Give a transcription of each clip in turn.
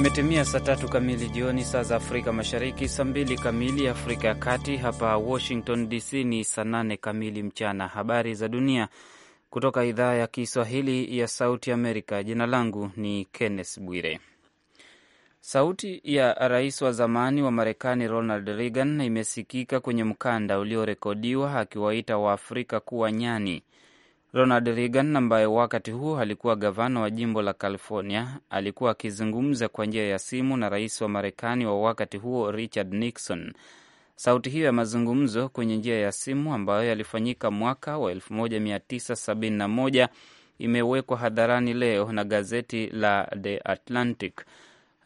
Imetimia saa tatu kamili jioni, saa za Afrika Mashariki, saa mbili kamili Afrika ya Kati. Hapa Washington DC ni saa nane kamili mchana. Habari za dunia kutoka idhaa ya Kiswahili ya Sauti Amerika. Jina langu ni Kenneth Bwire. Sauti ya rais wa zamani wa Marekani Ronald Reagan imesikika kwenye mkanda uliorekodiwa akiwaita Waafrika kuwa nyani. Ronald Reagan ambaye wakati huo alikuwa gavana wa jimbo la California alikuwa akizungumza kwa njia ya simu na rais wa Marekani wa wakati huo Richard Nixon. Sauti hiyo ya mazungumzo kwenye njia ya simu ambayo yalifanyika mwaka wa 1971 imewekwa hadharani leo na gazeti la The Atlantic.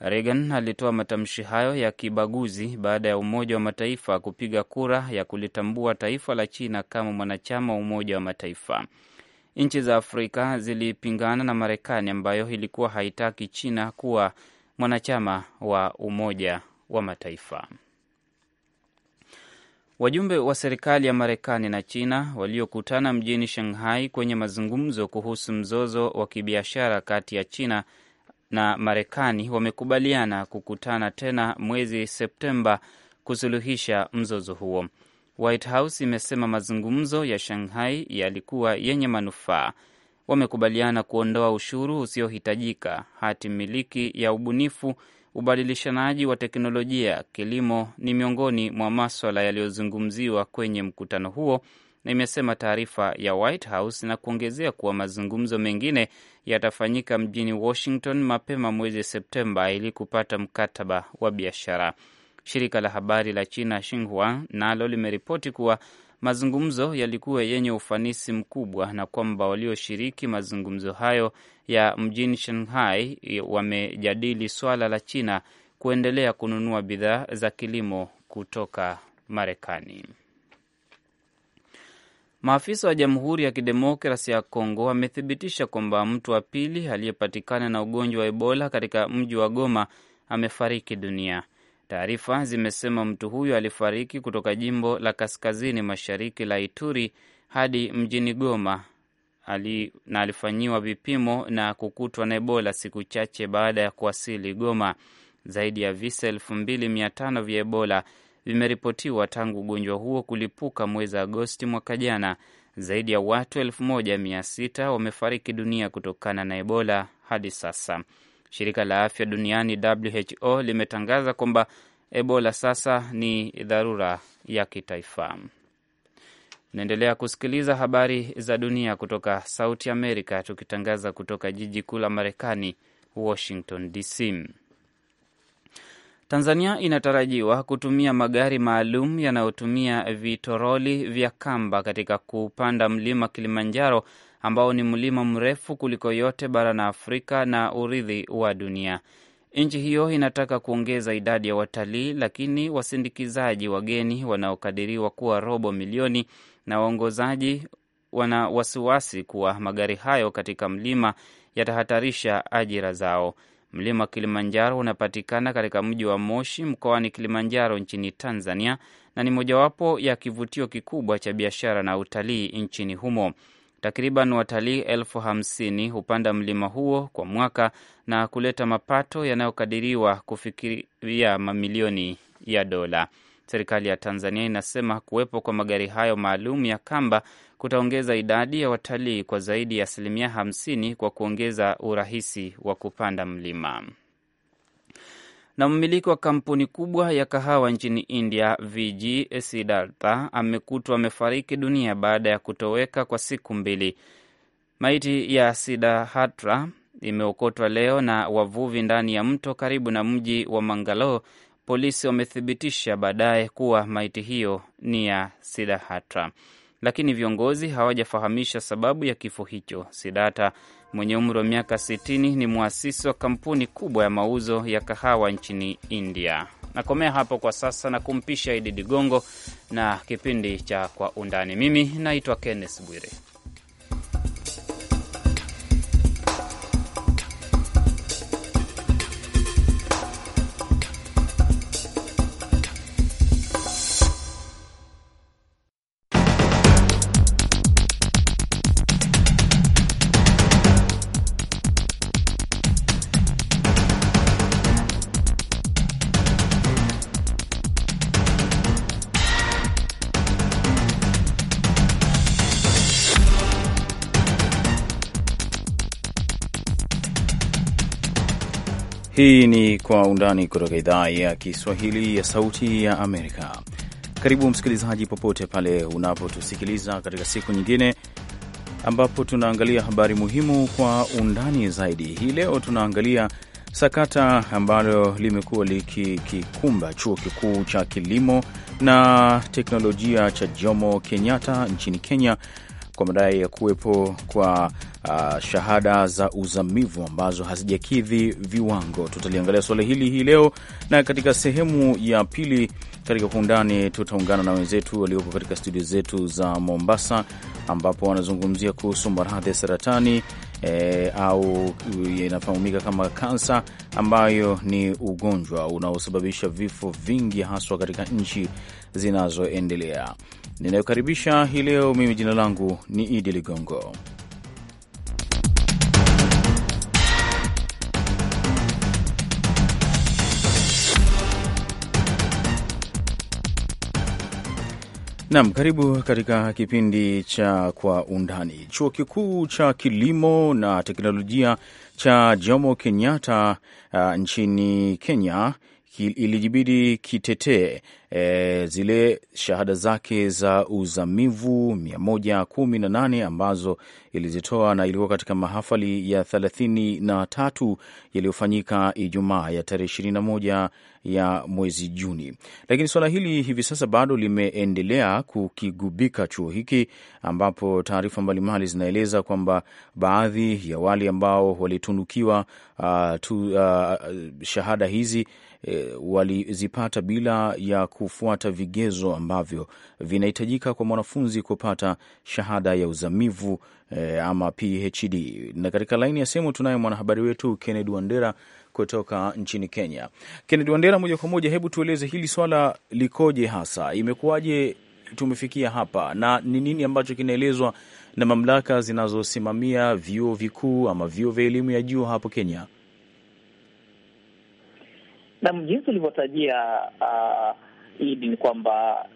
Reagan alitoa matamshi hayo ya kibaguzi baada ya Umoja wa Mataifa kupiga kura ya kulitambua taifa la China kama mwanachama wa Umoja wa Mataifa nchi za Afrika zilipingana na Marekani ambayo ilikuwa haitaki China kuwa mwanachama wa Umoja wa Mataifa. Wajumbe wa serikali ya Marekani na China waliokutana mjini Shanghai kwenye mazungumzo kuhusu mzozo wa kibiashara kati ya China na Marekani wamekubaliana kukutana tena mwezi Septemba kusuluhisha mzozo huo. White House imesema mazungumzo ya Shanghai yalikuwa yenye manufaa. Wamekubaliana kuondoa ushuru usiohitajika, hati miliki ya ubunifu, ubadilishanaji wa teknolojia, kilimo ni miongoni mwa maswala yaliyozungumziwa kwenye mkutano huo, na imesema taarifa ya White House, na kuongezea kuwa mazungumzo mengine yatafanyika mjini Washington mapema mwezi Septemba ili kupata mkataba wa biashara. Shirika la habari la China Xinhua nalo limeripoti kuwa mazungumzo yalikuwa yenye ufanisi mkubwa na kwamba walioshiriki mazungumzo hayo ya mjini Shanghai wamejadili swala la China kuendelea kununua bidhaa za kilimo kutoka Marekani. Maafisa wa Jamhuri ya Kidemokrasi ya Kongo wamethibitisha kwamba mtu wa pili aliyepatikana na ugonjwa wa Ebola katika mji wa Goma amefariki dunia. Taarifa zimesema mtu huyo alifariki kutoka jimbo la kaskazini mashariki la Ituri hadi mjini Goma ali, na alifanyiwa vipimo na kukutwa na Ebola siku chache baada ya kuwasili Goma. Zaidi ya visa elfu mbili mia tano vya Ebola vimeripotiwa tangu ugonjwa huo kulipuka mwezi Agosti mwaka jana. Zaidi ya watu elfu moja mia sita wamefariki dunia kutokana na Ebola hadi sasa. Shirika la afya duniani WHO limetangaza kwamba Ebola sasa ni dharura ya kitaifa. Naendelea kusikiliza habari za dunia kutoka Sauti Amerika, tukitangaza kutoka jiji kuu la Marekani, Washington DC. Tanzania inatarajiwa kutumia magari maalum yanayotumia vitoroli vya kamba katika kupanda mlima Kilimanjaro ambao ni mlima mrefu kuliko yote barani Afrika na urithi wa dunia. Nchi hiyo inataka kuongeza idadi ya watalii, lakini wasindikizaji wageni wanaokadiriwa kuwa robo milioni na waongozaji wana wasiwasi kuwa magari hayo katika mlima yatahatarisha ajira zao. Mlima Kilimanjaro unapatikana katika mji wa Moshi mkoani Kilimanjaro nchini Tanzania na ni mojawapo ya kivutio kikubwa cha biashara na utalii nchini humo. Takriban watalii elfu hamsini hupanda mlima huo kwa mwaka na kuleta mapato yanayokadiriwa kufikiria mamilioni ya dola. Serikali ya Tanzania inasema kuwepo kwa magari hayo maalum ya kamba kutaongeza idadi ya watalii kwa zaidi ya asilimia hamsini kwa kuongeza urahisi wa kupanda mlima na mmiliki wa kampuni kubwa ya kahawa nchini India, VG Siddhartha amekutwa amefariki dunia baada ya kutoweka kwa siku mbili. Maiti ya Siddhartha imeokotwa leo na wavuvi ndani ya mto karibu na mji wa Mangalore. Polisi wamethibitisha baadaye kuwa maiti hiyo ni ya Siddhartha, lakini viongozi hawajafahamisha sababu ya kifo hicho. Siddhartha mwenye umri wa miaka 60 ni mwasisi wa kampuni kubwa ya mauzo ya kahawa nchini India. Nakomea hapo kwa sasa na kumpisha Idi Digongo na kipindi cha Kwa Undani. Mimi naitwa Kenneth Bwire. Hii ni Kwa Undani kutoka idhaa ya Kiswahili ya Sauti ya Amerika. Karibu msikilizaji, popote pale unapotusikiliza katika siku nyingine ambapo tunaangalia habari muhimu kwa undani zaidi. Hii leo tunaangalia sakata ambalo limekuwa likikikumba chuo kikuu cha kilimo na teknolojia cha Jomo Kenyatta nchini Kenya kwa madai ya kuwepo kwa uh, shahada za uzamivu ambazo hazijakidhi viwango. Tutaliangalia suala hili hii leo, na katika sehemu ya pili katika kwa undani tutaungana na wenzetu walioko katika studio zetu za Mombasa, ambapo wanazungumzia kuhusu maradhi ya saratani E, au inafahamika kama kansa ambayo ni ugonjwa unaosababisha vifo vingi haswa katika nchi zinazoendelea ninayokaribisha hii leo. Mimi jina langu ni Idi Ligongo. Nam, karibu katika kipindi cha Kwa Undani. Chuo kikuu cha kilimo na teknolojia cha Jomo Kenyatta uh, nchini Kenya ilijibidi kitetee e, zile shahada zake za uzamivu 118 ambazo ilizitoa na ilikuwa katika mahafali ya 33 yaliyofanyika Ijumaa ya tarehe 21 ya mwezi Juni. Lakini suala hili hivi sasa bado limeendelea kukigubika chuo hiki, ambapo taarifa mbalimbali zinaeleza kwamba baadhi ya wale ambao walitunukiwa uh, tu, uh, shahada hizi eh, walizipata bila ya kufuata vigezo ambavyo vinahitajika kwa mwanafunzi kupata shahada ya uzamivu eh, ama PhD. Na katika laini ya simu tunaye mwanahabari wetu Kennedy Wandera kutoka nchini Kenya. Kennedy Wandera, moja kwa moja, hebu tueleze hili swala likoje, hasa imekuwaje tumefikia hapa na ni nini ambacho kinaelezwa na mamlaka zinazosimamia vyuo vikuu ama vyuo vya elimu ya juu hapo Kenya? na jinsi ulivyotajia uh, Idi, ni kwamba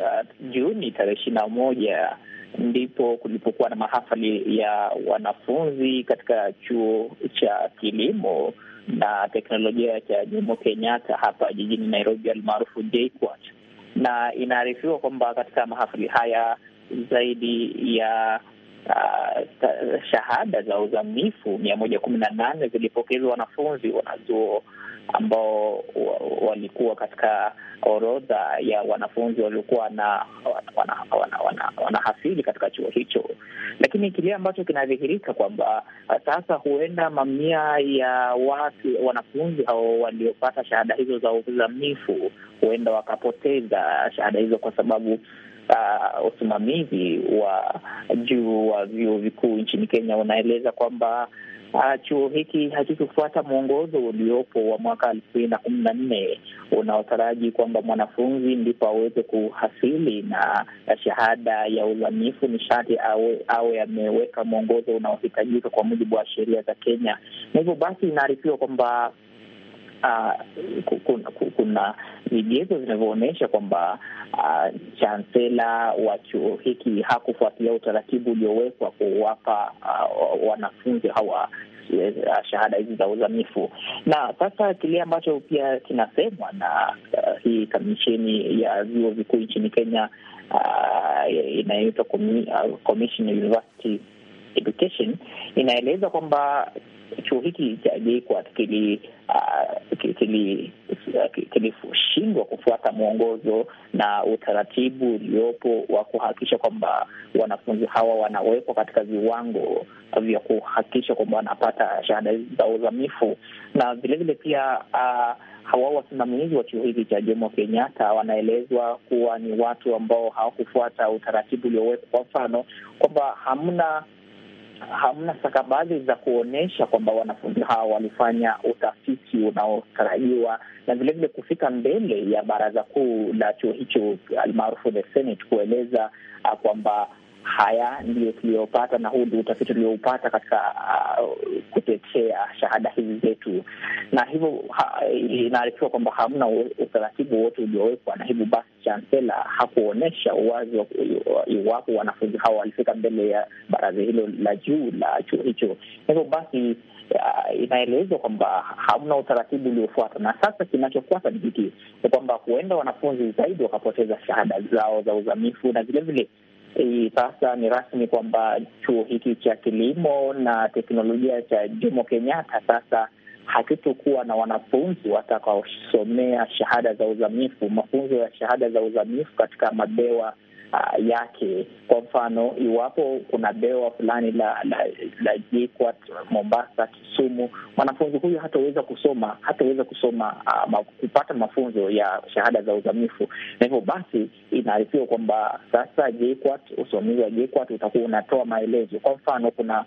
uh, Juni tarehe ishirini na moja ndipo kulipokuwa na mahafali ya wanafunzi katika chuo cha kilimo na teknolojia cha Jomo Kenyatta hapa jijini Nairobi, almaarufu JKUAT, na inaarifiwa kwamba katika mahafali haya zaidi ya Uh, shahada za uzamifu mia moja kumi na nane zilipokezwa wanafunzi wanazuo ambao walikuwa katika orodha ya wanafunzi waliokuwa wana, wana, wana, wana, katika chuo hicho. Lakini kile ambacho kinadhihirika kwamba uh, sasa huenda mamia ya watu wanafunzi hao waliopata shahada hizo za uzamifu huenda wakapoteza shahada hizo kwa sababu Uh, usimamizi wa juu wa vyuo vikuu nchini Kenya unaeleza kwamba uh, chuo hiki hakikufuata mwongozo uliopo wa mwaka elfu mbili na kumi na nne unaotaraji kwamba mwanafunzi ndipo aweze kuhasili na shahada ya uzamifu, ni sharti awe ameweka mwongozo unaohitajika kwa mujibu wa sheria za Kenya, na hivyo basi inaarifiwa kwamba uh, kuna, vigezo vinavyoonyesha kwamba uh, ah, chansela wa chuo hiki hakufuatilia utaratibu uliowekwa kuwapa uh, wanafunzi hawa eh, shahada hizi za uzamifu. Na sasa kile ambacho pia kinasemwa na uh, hii kamisheni ya vyuo vikuu nchini Kenya uh, inayoitwa Commission University Education inaeleza kwamba chuo hiki cha JKUAT kilishindwa uh, kufuata mwongozo na utaratibu uliopo wa kuhakikisha kwamba wanafunzi hawa wanawekwa katika viwango vya kuhakikisha kwamba wanapata shahada za uzamifu, na vilevile pia uh, hawa wasimamizi wa chuo hiki cha Jomo Kenyatta wanaelezwa kuwa ni watu ambao hawakufuata utaratibu uliowekwa, kwa mfano kwamba hamna hamna stakabadhi za kuonyesha kwamba wanafunzi hao walifanya utafiti unaotarajiwa na vilevile kufika mbele ya baraza kuu la chuo hicho almaarufu the Senate kueleza ah, kwamba Haya ndiyo tuliyopata na huu ndio utafiti tulioupata katika uh, kutetea shahada hizi zetu, na hivyo inaarifiwa kwamba hamna utaratibu wote uliowekwa, na hivyo basi chansela hakuonyesha uwazi iwapo wanafunzi hao walifika mbele ya baraza hilo la juu la chuo hicho. Hivyo basi uh, inaelezwa kwamba hamna utaratibu uliofuata, na sasa kinachofuata ni hiki, ni kwamba huenda wanafunzi zaidi wakapoteza shahada zao za uzamifu na vilevile hii sasa ni rasmi kwamba chuo hiki cha kilimo na teknolojia cha Jomo Kenyatta sasa hakitokuwa na wanafunzi watakaosomea shahada za uzamifu, mafunzo ya shahada za uzamifu katika mabewa uh, yake. Kwa mfano, iwapo kuna bewa fulani la la, la JKUAT Mombasa, Kisumu, mwanafunzi huyu hataweza kusoma hataweza kusoma uh, kupata mafunzo ya shahada za uzamifu, na hivyo basi inaarifiwa kwamba sasa JKUAT, usimamizi wa JKUAT utakuwa unatoa maelezo. Kwa mfano, kuna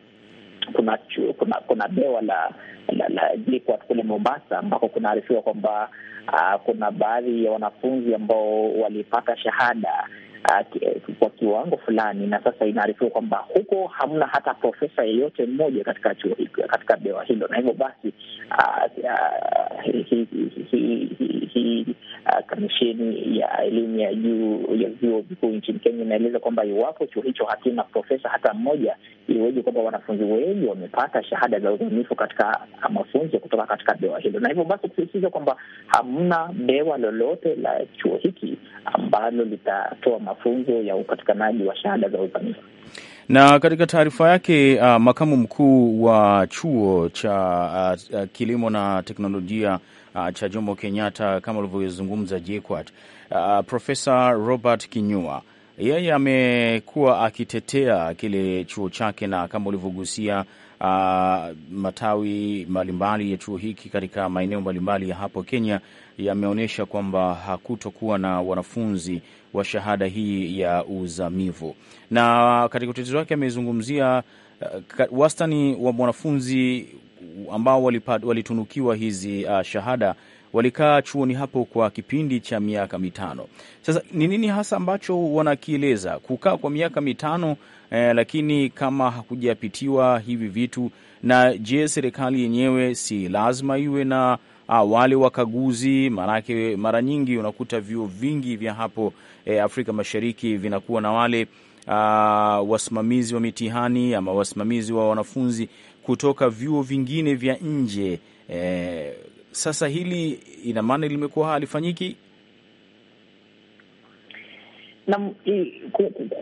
kuna kuna kuna bewa la la, la JKUAT kule Mombasa ambako kunaarifiwa kwamba uh, kuna baadhi ya wanafunzi ambao walipata shahada uh, kwa kiwango fulani, na sasa inaarifiwa kwamba huko hamna hata profesa yeyote mmoja katika chuo katika bewa hilo, na hivyo basi uh, uh, hi, hi, hi, hi, hi, Uh, kamisheni ya elimu ya juu ya vyuo vikuu nchini Kenya inaeleza kwamba iwapo chuo hicho hakina profesa hata mmoja, iweje kwamba wanafunzi wengi wamepata shahada za uzamifu katika uh, mafunzo kutoka katika bewa hilo, na hivyo basi kusisitiza kwamba hamna bewa lolote la chuo hiki ambalo litatoa mafunzo ya upatikanaji wa shahada za uzamifu na katika taarifa yake uh, makamu mkuu wa chuo cha uh, uh, kilimo na teknolojia uh, cha Jomo Kenyatta kama ulivyozungumza JKUAT. Uh, ah, Profesa Robert Kinyua yeye amekuwa akitetea kile chuo chake na kama ulivyogusia Uh, matawi mbalimbali ya chuo hiki katika maeneo mbalimbali ya hapo Kenya yameonyesha kwamba hakutokuwa na wanafunzi wa shahada hii ya uzamivu, na katika utetezi wake amezungumzia uh, wastani wa mwanafunzi ambao walitunukiwa hizi uh, shahada walikaa chuoni hapo kwa kipindi cha miaka mitano. Sasa ni nini hasa ambacho wanakieleza kukaa kwa miaka mitano eh, lakini kama hakujapitiwa hivi vitu? Na je, serikali yenyewe si lazima iwe na ah, wale wakaguzi? Maanake mara nyingi unakuta vyuo vingi vya hapo eh, Afrika Mashariki vinakuwa na wale Uh, wasimamizi wa mitihani ama wasimamizi wa wanafunzi kutoka vyuo vingine vya nje E, sasa hili ina maana limekuwa halifanyiki na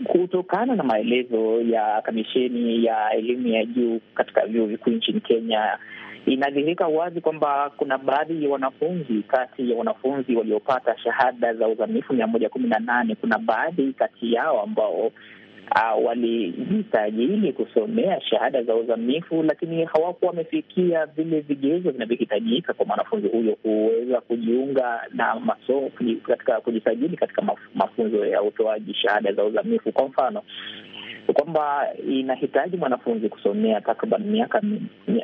kutokana na maelezo ya kamisheni ya elimu ya juu katika vyuo vikuu nchini Kenya, inadhihirika wazi kwamba kuna baadhi ya wanafunzi kati ya wanafunzi waliopata shahada za uzamifu mia moja kumi na nane kuna baadhi kati yao ambao uh, ah, walijisajili kusomea shahada za uzamifu, lakini hawakuwa wamefikia vile vigezo vinavyohitajika kwa mwanafunzi huyo kuweza kujiunga na masomo katika kujisajili katika mafunzo ya utoaji shahada za uzamifu. Kwa mfano kwamba inahitaji mwanafunzi kusomea takriban miaka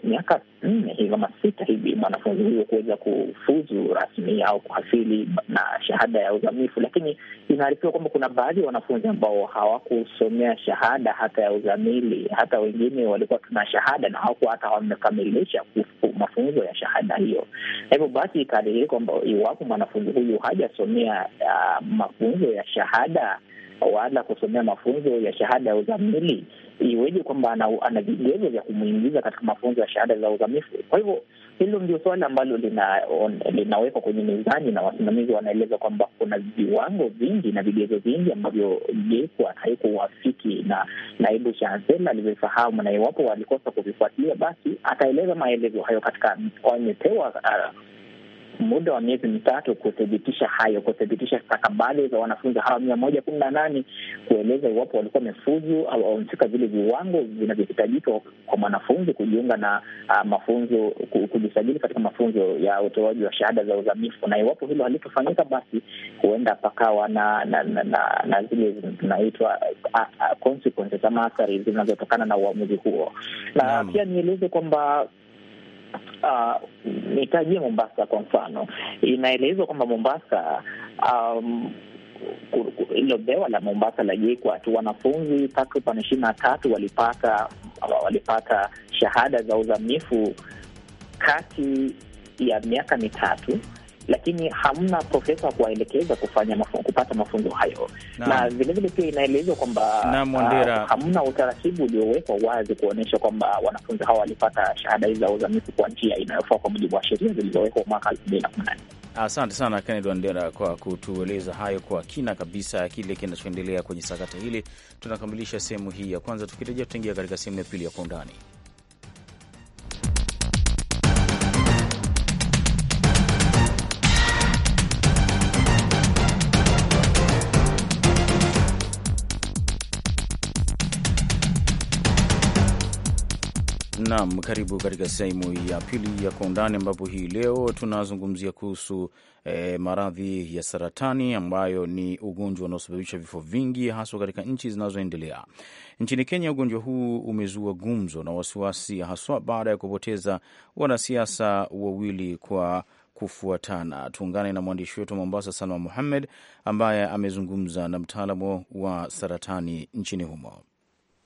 miaka nne hivi ama sita hivi, mwanafunzi huyo kuweza kufuzu rasmi au kuhasili na shahada ya uzamifu. Lakini inaarifiwa kwamba kuna baadhi ya wanafunzi ambao hawakusomea shahada hata ya uzamili, hata wengine walikuwa tuna shahada na hawakuwa hata wamekamilisha mafunzo ya shahada hiyo. Na hivyo basi ikadhihiri kwamba iwapo mwanafunzi huyu hajasomea uh, mafunzo ya shahada wala kusomea mafunzo ya shahada ya uzamili, iweje kwamba ana vigezo vya kumwingiza katika mafunzo ya shahada za uzamifu? Kwa hivyo hilo ndio suala ambalo linawekwa lina kwenye mizani na wasimamizi wanaeleza kwamba kuna viwango vingi na vigezo vingi ambavyo JKUAT haikuwafiki na naibu chansela alivyofahamu, na iwapo walikosa kuvifuatilia, basi ataeleza maelezo hayo katika wamepewa uh, muda wa miezi mitatu kuthibitisha hayo, kuthibitisha stakabadhi za wanafunzi hawa mia moja kumi na nane kueleza iwapo walikuwa wamefuzu au wamefika vile viwango vinavyohitajika kwa mwanafunzi kujiunga na uh, mafunzo, kujisajili katika mafunzo ya utoaji wa shahada za uzamifu. Na iwapo hilo halitofanyika, basi huenda pakawa na na, na, na, na zile zinaitwa consequences ama athari zinazotokana na uamuzi huo, na pia nieleze kwamba uh, nitajie Mombasa kwa mfano, inaelezwa kwamba Mombasa um, ilo bewa la Mombasa la JKUAT wanafunzi takriban ishirini na tatu walipata walipata shahada za uzamifu kati ya miaka mitatu lakini hamna profesa wa kuwaelekeza kufanya mafu, kupata mafunzo hayo na, na vilevile pia inaelezwa kwamba uh, hamna utaratibu uliowekwa wazi kuonyesha kwamba wanafunzi hawa walipata shahada hizi za uzamifu kwa njia inayofaa kwa mujibu wa sheria zilizowekwa mwaka elfu mbili na kumi na nne. Asante sana kenned Wandera kwa kutueleza hayo kwa kina kabisa kile kinachoendelea kwenye sakata hili. Tunakamilisha sehemu hii ya kwanza, tukirejea tutaingia katika sehemu ya pili ya kwa undani. Naam, karibu katika sehemu ya pili ya Kwa Undani, ambapo hii leo tunazungumzia kuhusu e, maradhi ya saratani ambayo ni ugonjwa unaosababisha vifo vingi haswa katika nchi zinazoendelea. Nchini Kenya, ugonjwa huu umezua gumzo na wasiwasi, haswa baada ya kupoteza wanasiasa wawili kwa kufuatana. Tuungane na mwandishi wetu wa Mombasa, Salma Muhammed, ambaye amezungumza na mtaalamu wa saratani nchini humo.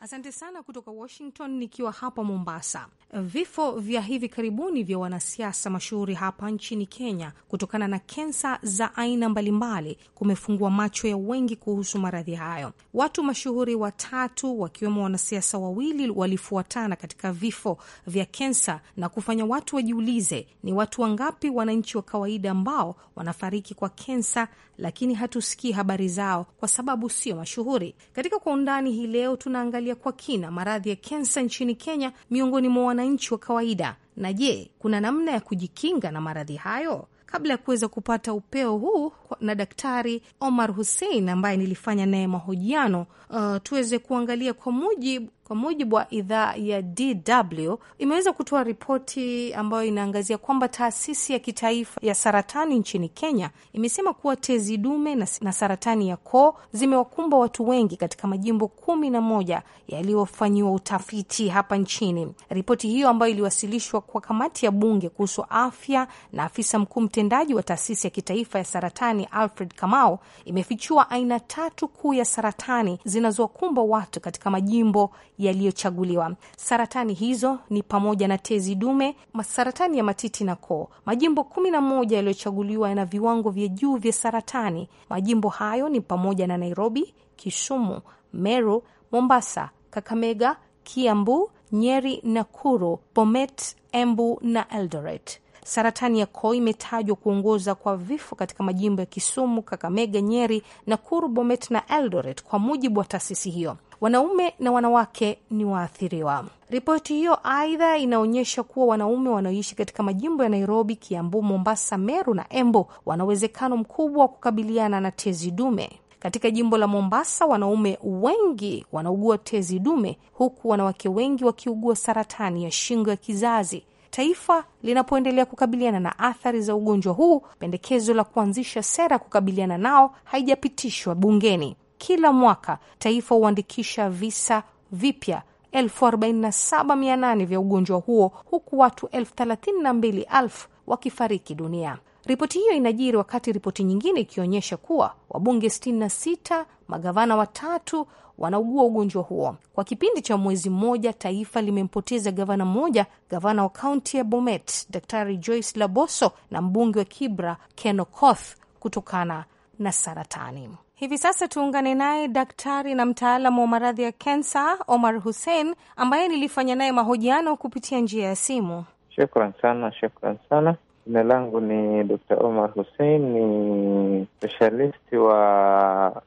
Asante sana kutoka Washington. Nikiwa hapa Mombasa, vifo vya hivi karibuni vya wanasiasa mashuhuri hapa nchini Kenya kutokana na kensa za aina mbalimbali kumefungua macho ya wengi kuhusu maradhi hayo. Watu mashuhuri watatu wakiwemo wanasiasa wawili walifuatana katika vifo vya kensa na kufanya watu wajiulize, ni watu wangapi wananchi wa kawaida ambao wanafariki kwa kensa, lakini hatusikii habari zao kwa sababu sio mashuhuri. Katika kwa undani hii leo tunaangalia kufuatilia kwa kina maradhi ya kensa nchini Kenya miongoni mwa wananchi wa kawaida, na je, kuna namna ya kujikinga na maradhi hayo? Kabla ya kuweza kupata upeo huu na Daktari Omar Hussein ambaye nilifanya naye mahojiano, uh, tuweze kuangalia kwa mujibu kwa mujibu wa idhaa ya DW imeweza kutoa ripoti ambayo inaangazia kwamba taasisi ya kitaifa ya saratani nchini Kenya imesema kuwa tezi dume na saratani ya koo zimewakumba watu wengi katika majimbo kumi na moja yaliyofanyiwa utafiti hapa nchini. Ripoti hiyo ambayo iliwasilishwa kwa kamati ya bunge kuhusu afya na afisa mkuu mtendaji wa taasisi ya kitaifa ya saratani Alfred Kamau imefichua aina tatu kuu ya saratani zinazowakumba watu katika majimbo yaliyochaguliwa. Saratani hizo ni pamoja na tezi dume, saratani ya matiti na koo. Majimbo kumi na moja yaliyochaguliwa yana viwango vya juu vya saratani. Majimbo hayo ni pamoja na Nairobi, Kisumu, Meru, Mombasa, Kakamega, Kiambu, Nyeri, Nakuru, Bomet, Embu na Eldoret. Saratani ya koo imetajwa kuongoza kwa vifo katika majimbo ya Kisumu, Kakamega, Nyeri, Nakuru, Bomet na Eldoret, kwa mujibu wa taasisi hiyo. Wanaume na wanawake ni waathiriwa. Ripoti hiyo aidha inaonyesha kuwa wanaume wanaoishi katika majimbo ya Nairobi, Kiambu, Mombasa, Meru na Embu wana uwezekano mkubwa wa kukabiliana na tezi dume. Katika jimbo la Mombasa, wanaume wengi wanaugua tezi dume, huku wanawake wengi wakiugua saratani ya shingo ya kizazi. Taifa linapoendelea kukabiliana na athari za ugonjwa huu, pendekezo la kuanzisha sera kukabiliana nao haijapitishwa bungeni kila mwaka taifa huandikisha visa vipya 47800 vya ugonjwa huo huku watu 32000 wakifariki dunia. Ripoti hiyo inajiri wakati ripoti nyingine ikionyesha kuwa wabunge 66 magavana watatu wanaugua ugonjwa huo. Kwa kipindi cha mwezi mmoja, taifa limempoteza gavana mmoja, gavana wa kaunti ya Bomet Daktari Joyce Laboso na mbunge wa Kibra Ken Okoth kutokana na saratani. Hivi sasa tuungane naye daktari na mtaalamu wa maradhi ya kensa Omar Hussein ambaye nilifanya naye mahojiano kupitia njia ya simu. Shukran sana, shukran sana. Jina langu ni Dr. Omar Hussein, ni specialist wa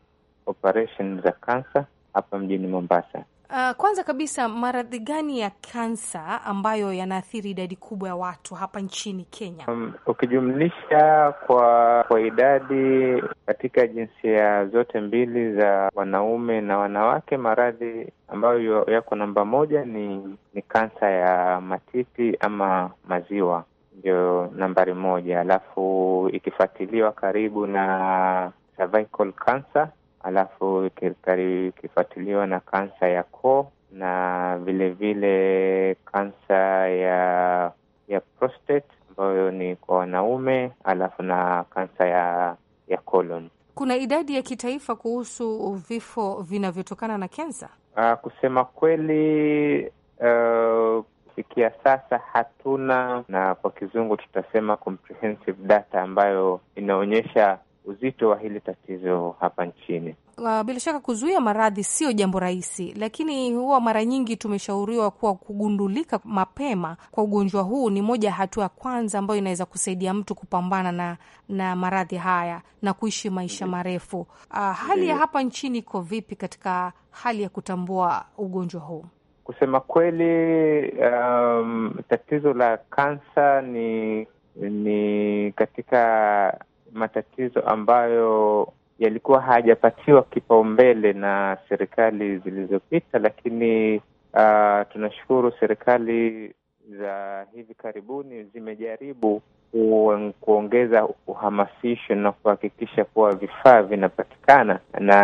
operation za kansa hapa mjini Mombasa. Uh, kwanza kabisa maradhi gani ya kansa ambayo yanaathiri idadi kubwa ya watu hapa nchini Kenya? Um, ukijumlisha kwa kwa idadi katika jinsia zote mbili za wanaume na wanawake, maradhi ambayo yako namba moja ni ni kansa ya matiti ama maziwa ndio nambari moja, alafu ikifuatiliwa karibu na cervical cancer alafu ikifuatiliwa na kansa ya koo na vilevile kansa ya ya prostate ambayo ni kwa wanaume, alafu na kansa ya ya colon. Kuna idadi ya kitaifa kuhusu vifo vinavyotokana na kensa? Uh, kusema kweli uh, kufikia sasa hatuna, na kwa kizungu tutasema comprehensive data ambayo inaonyesha uzito wa hili tatizo hapa nchini. Ah, bila shaka kuzuia maradhi sio jambo rahisi, lakini huwa mara nyingi tumeshauriwa kuwa kugundulika mapema kwa ugonjwa huu ni moja ya hatua ya kwanza ambayo inaweza kusaidia mtu kupambana na, na maradhi haya na kuishi maisha mm-hmm. marefu. Uh, hali ya hapa nchini iko vipi katika hali ya kutambua ugonjwa huu? Kusema kweli, um, tatizo la kansa ni ni katika matatizo ambayo yalikuwa hayajapatiwa kipaumbele na serikali zilizopita, lakini uh, tunashukuru serikali za hivi karibuni zimejaribu kuongeza uhamasisho na kuhakikisha kuwa vifaa vinapatikana, na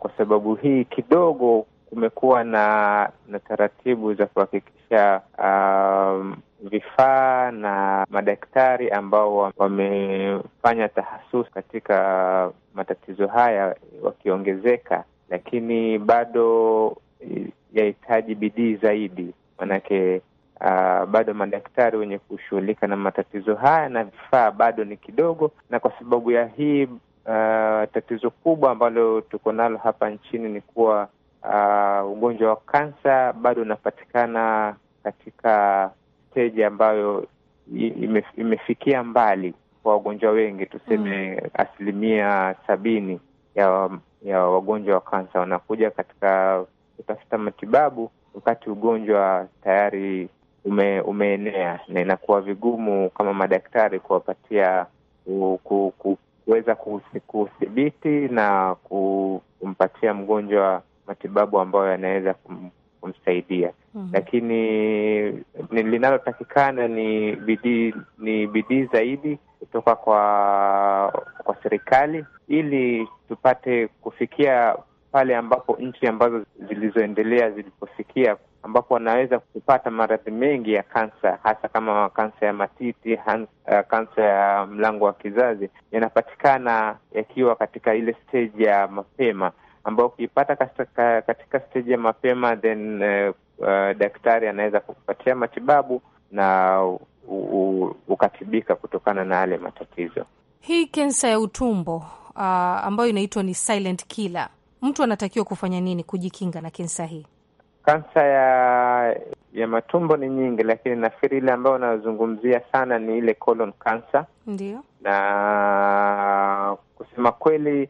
kwa sababu hii kidogo kumekuwa na na taratibu za kuhakikisha um, vifaa na madaktari ambao wamefanya tahasusi katika matatizo haya wakiongezeka, lakini bado eh, yahitaji bidii zaidi, manake Uh, bado madaktari wenye kushughulika na matatizo haya na vifaa bado ni kidogo, na kwa sababu ya hii uh, tatizo kubwa ambalo tuko nalo hapa nchini ni kuwa uh, ugonjwa wa kansa bado unapatikana katika steji ambayo imefikia mbali kwa wagonjwa wengi, tuseme mm. asilimia sabini ya, ya wagonjwa wa kansa wanakuja katika kutafuta matibabu wakati ugonjwa tayari ume, umeenea na inakuwa vigumu kama madaktari kuwapatia kuweza kuudhibiti na kumpatia mgonjwa matibabu ambayo yanaweza kumsaidia mm -hmm. Lakini linalotakikana ni bidii, ni bidii zaidi kutoka kwa kwa serikali ili tupate kufikia pale ambapo nchi ambazo zilizoendelea zilipofikia, ambapo wanaweza kupata maradhi mengi ya kansa, hasa kama kansa ya matiti, eh, kansa ya mlango wa kizazi, yanapatikana yakiwa katika ile stage ya mapema ambao ukiipata katika, katika steji ya mapema then uh, uh, daktari anaweza kukupatia matibabu na u, u, ukatibika kutokana na yale matatizo. Hii kensa ya utumbo uh, ambayo inaitwa ni silent killer, mtu anatakiwa kufanya nini kujikinga na kensa hii? Kansa ya ya matumbo ni nyingi, lakini nafikiri ile ambayo unazungumzia sana ni ile colon cancer. na kusema kweli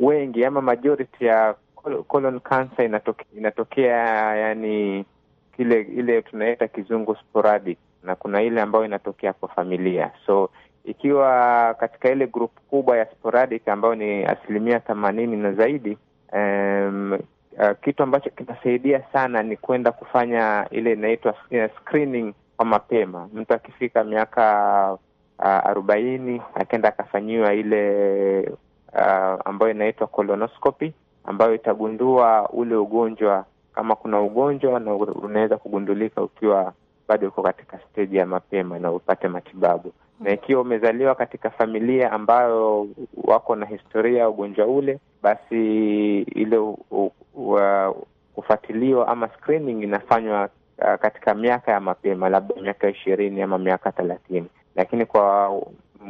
wengi ama majority ya colon cancer inatokea, inatokea yani ile ile tunaita kizungu sporadic, na kuna ile ambayo inatokea kwa familia. So ikiwa katika ile group kubwa ya sporadic ambayo ni asilimia themanini na zaidi, um, uh, kitu ambacho kinasaidia sana ni kwenda kufanya ile inaitwa eh, screening kwa mapema. Mtu akifika miaka arobaini akaenda akafanyiwa ile uh, ambayo inaitwa colonoscopy ambayo itagundua ule ugonjwa kama kuna ugonjwa, na unaweza kugundulika ukiwa bado uko katika steji ya mapema na upate matibabu. Na ikiwa umezaliwa katika familia ambayo wako na historia ya ugonjwa ule, basi ile kufuatiliwa ama screening inafanywa uh, katika miaka ya mapema, labda miaka ishirini ama miaka thelathini, lakini kwa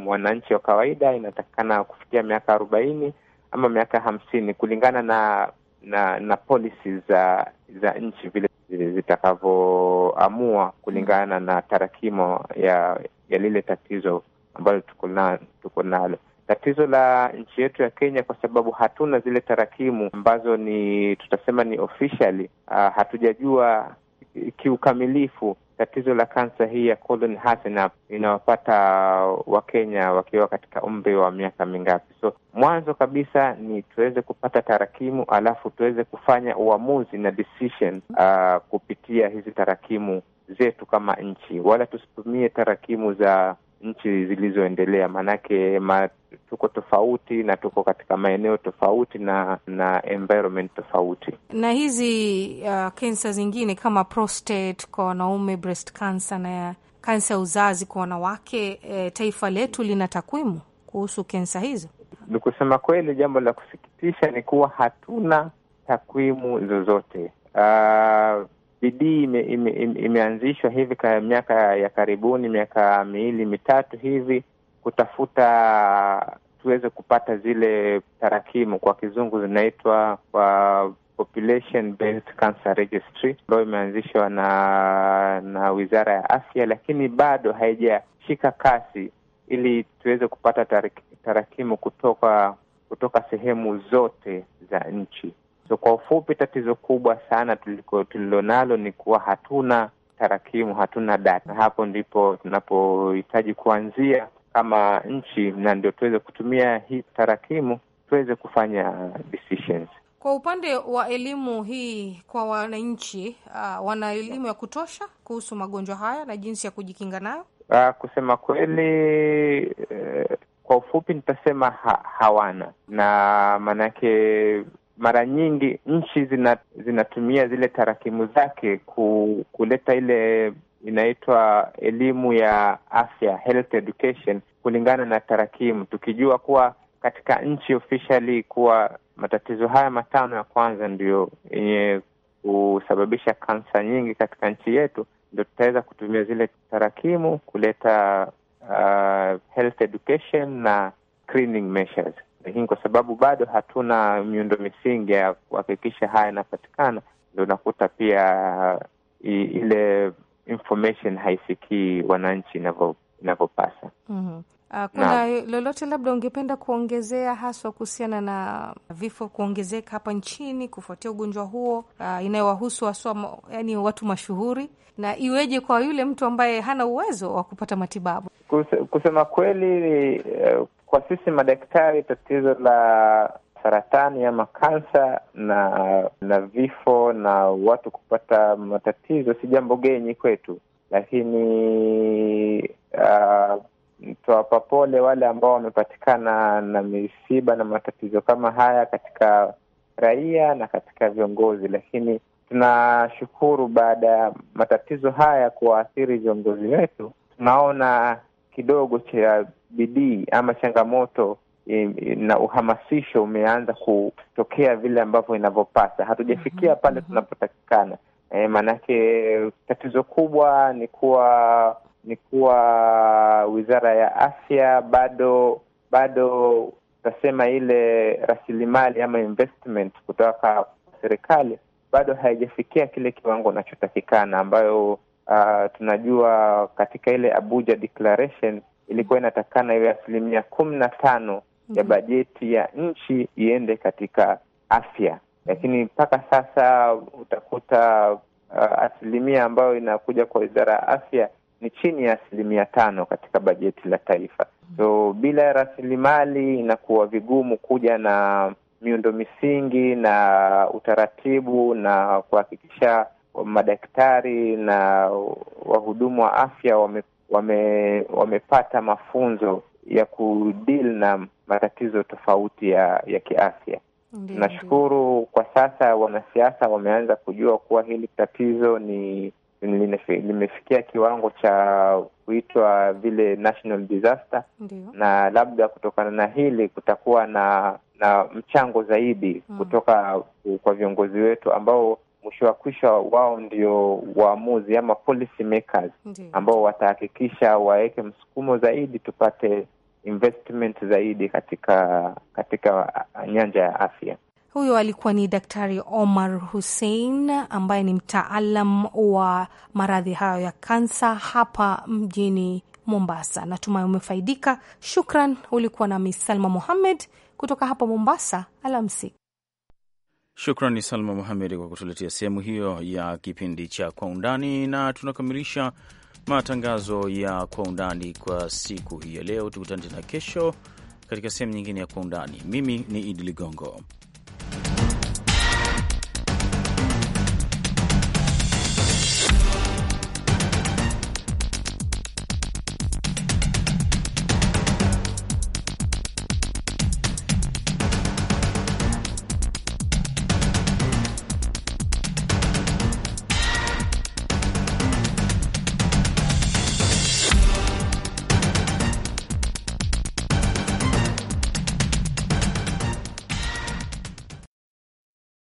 mwananchi wa kawaida inatakikana kufikia miaka arobaini ama miaka hamsini kulingana na na na policy za za nchi vile zitakavyoamua kulingana na tarakimo ya ya lile tatizo ambalo tuko nalo. Tatizo la nchi yetu ya Kenya, kwa sababu hatuna zile tarakimu ambazo ni tutasema ni officially, uh, hatujajua kiukamilifu tatizo la kansa hii ya colon inawapata Wakenya wakiwa katika umri wa miaka mingapi? So mwanzo kabisa ni tuweze kupata tarakimu, alafu tuweze kufanya uamuzi na decision uh, kupitia hizi tarakimu zetu kama nchi, wala tusitumie tarakimu za nchi zilizoendelea, maanake ma, tuko tofauti na tuko katika maeneo tofauti na na environment tofauti. Na hizi uh, zingine kama prostate kwa wanaume, breast cancer na kansa ya uzazi kwa wanawake, e, taifa letu lina takwimu kuhusu kansa hizo? Ni kusema kweli, jambo la kusikitisha ni kuwa hatuna takwimu zozote uh, bidii ime, ime, ime, imeanzishwa hivi ka miaka ya karibuni, miaka miwili mitatu hivi, kutafuta tuweze kupata zile tarakimu, kwa kizungu zinaitwa kwa Population Based Cancer Registry ambayo imeanzishwa na na Wizara ya Afya, lakini bado haijashika kasi ili tuweze kupata tarakimu kutoka kutoka sehemu zote za nchi. So kwa ufupi, tatizo kubwa sana tulilonalo ni kuwa hatuna tarakimu, hatuna data, na hapo ndipo tunapohitaji kuanzia kama nchi, na ndio tuweze kutumia hii tarakimu tuweze kufanya decisions. Kwa upande wa elimu hii kwa wananchi, uh, wana elimu ya kutosha kuhusu magonjwa haya na jinsi ya kujikinga nayo? Uh, kusema kweli, uh, kwa ufupi nitasema ha hawana, na yake mara nyingi nchi zina, zinatumia zile tarakimu zake ku, kuleta ile inaitwa elimu ya afya health education, kulingana na tarakimu, tukijua kuwa katika nchi officially kuwa matatizo haya matano ya kwanza ndiyo yenye kusababisha kansa nyingi katika nchi yetu, ndo tutaweza kutumia zile tarakimu kuleta uh, health education na screening measures lakini kwa sababu bado hatuna miundo misingi ya kuhakikisha haya yanapatikana, ndo unakuta pia i, ile information haifikii wananchi inavyopasa. mm-hmm. Ah, kuna lolote labda ungependa kuongezea haswa kuhusiana na vifo kuongezeka hapa nchini kufuatia ugonjwa huo ah, inayowahusu haswa, yani watu mashuhuri, na iweje kwa yule mtu ambaye hana uwezo wa kupata matibabu? Kuse, kusema kweli eh, kwa sisi madaktari, tatizo la saratani ama kansa na na vifo na watu kupata matatizo si jambo genyi kwetu, lakini uh, twawapa pole wale ambao wamepatikana na misiba na matatizo kama haya katika raia na katika viongozi, lakini tunashukuru baada ya matatizo haya kuwaathiri viongozi wetu, tunaona kidogo cha bidii ama changamoto e, e, na uhamasisho umeanza kutokea vile ambavyo inavyopasa. Hatujafikia mhm, pale mhm. tunapotakikana. E, maanake tatizo kubwa ni kuwa ni kuwa wizara ya afya bado bado tutasema ile rasilimali ama investment kutoka kwa serikali bado haijafikia kile kiwango unachotakikana, ambayo uh, tunajua katika ile Abuja Declaration ilikuwa inatakana iwe asilimia kumi na tano mm -hmm. ya mhm. bajeti ya nchi iende katika afya, lakini mpaka sasa utakuta uh, asilimia ambayo inakuja kwa wizara ya afya ni chini ya asilimia tano katika bajeti la taifa. So bila ya rasilimali inakuwa vigumu kuja na miundo misingi na utaratibu na kuhakikisha madaktari na wahudumu wa afya wame wame, wamepata mafunzo ya kudeal na matatizo tofauti ya, ya kiafya. Nashukuru kwa sasa wanasiasa wameanza kujua kuwa hili tatizo ni limefikia kiwango cha kuitwa vile national disaster. Ndiyo. Na labda kutokana na hili kutakuwa na na mchango zaidi mm, kutoka kwa viongozi wetu ambao mwisho wa kwisha wao ndio waamuzi ama policy makers ambao watahakikisha waweke msukumo zaidi tupate investment zaidi katika katika nyanja ya afya. Huyo alikuwa ni Daktari Omar Hussein ambaye ni mtaalam wa maradhi hayo ya kansa hapa mjini Mombasa. Natumai umefaidika. Shukran. Ulikuwa nami Salma Mohammed kutoka hapa Mombasa. Alamsi. Shukrani Salma Muhamedi kwa kutuletea sehemu hiyo ya kipindi cha Kwa Undani, na tunakamilisha matangazo ya Kwa Undani kwa siku hii ya leo. Tukutane tena kesho katika sehemu nyingine ya Kwa Undani. Mimi ni Idi Ligongo.